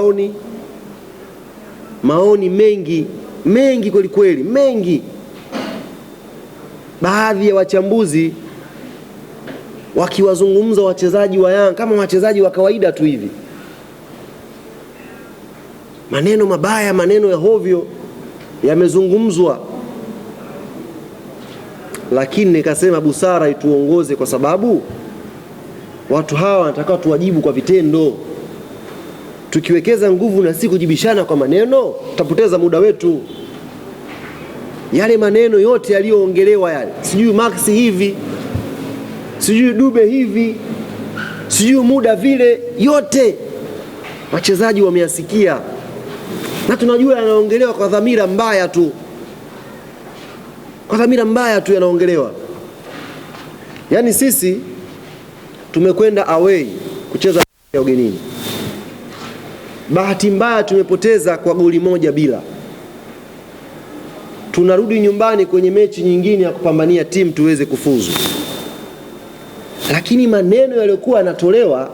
mtandaoni, maoni mengi mengi kweli kweli, mengi. Baadhi ya wachambuzi wakiwazungumza wachezaji wa Yanga kama wachezaji wa kawaida tu hivi, maneno mabaya, maneno ya hovyo yamezungumzwa, lakini nikasema busara ituongoze, kwa sababu watu hawa wanataka tuwajibu kwa vitendo tukiwekeza nguvu na si kujibishana kwa maneno, tutapoteza muda wetu. Yale maneno yote yaliyoongelewa yale, sijui Max hivi, sijui Dube hivi, sijui muda vile, yote wachezaji wameyasikia na tunajua yanaongelewa kwa dhamira mbaya tu, kwa dhamira mbaya tu yanaongelewa. Yaani sisi tumekwenda away kucheza ya ugenini. Bahati mbaya tumepoteza kwa goli moja bila. Tunarudi nyumbani kwenye mechi nyingine ya kupambania timu tuweze kufuzu, lakini maneno yaliyokuwa yanatolewa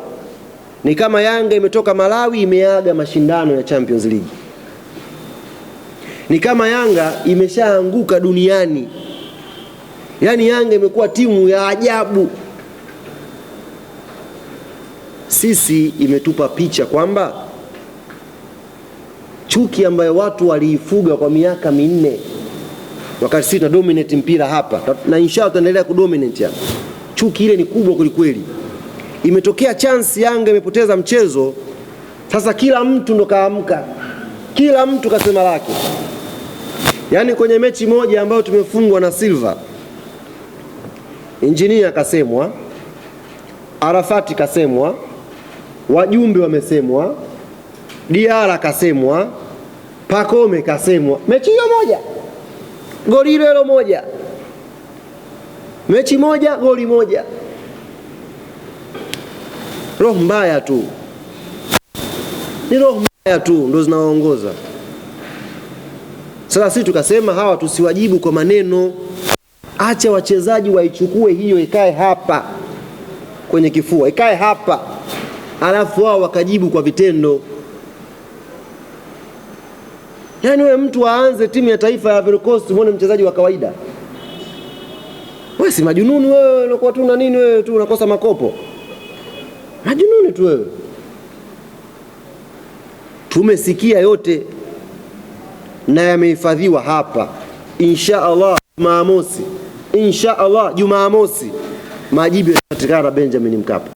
ni kama Yanga imetoka Malawi imeaga mashindano ya Champions League, ni kama Yanga imeshaanguka duniani. Yaani Yanga imekuwa timu ya ajabu. Sisi imetupa picha kwamba chuki ambayo watu waliifuga kwa miaka minne, wakati sisi tuna dominate mpira hapa na inshallah tutaendelea kudominate hapa. Chuki ile ni kubwa kwelikweli. Imetokea chance Yanga imepoteza mchezo, sasa kila mtu ndo kaamka, kila mtu kasema lake. Yaani kwenye mechi moja ambayo tumefungwa na Silva, injinia kasemwa, Arafati kasemwa, wajumbe wamesemwa, Diara kasemwa Pakome kasemwa mechi hiyo moja, goli hilo moja, mechi moja, goli moja. Roho mbaya tu, ni roho mbaya tu ndo zinawaongoza. Sasa sisi tukasema hawa tusiwajibu kwa maneno, acha wachezaji waichukue hiyo, ikae hapa kwenye kifua, ikae hapa, alafu wao wakajibu kwa vitendo. Yaani wewe mtu aanze timu ya taifa ya Ivory Coast muone mchezaji wa kawaida. Wewe si majununi wewe, unakuwa tu na nini wewe tu unakosa makopo. Majununi tu wewe. Tumesikia yote na yamehifadhiwa hapa. Insha Allah Jumamosi, Insha Allah Jumamosi majibu yatapatikana Benjamin Mkapa.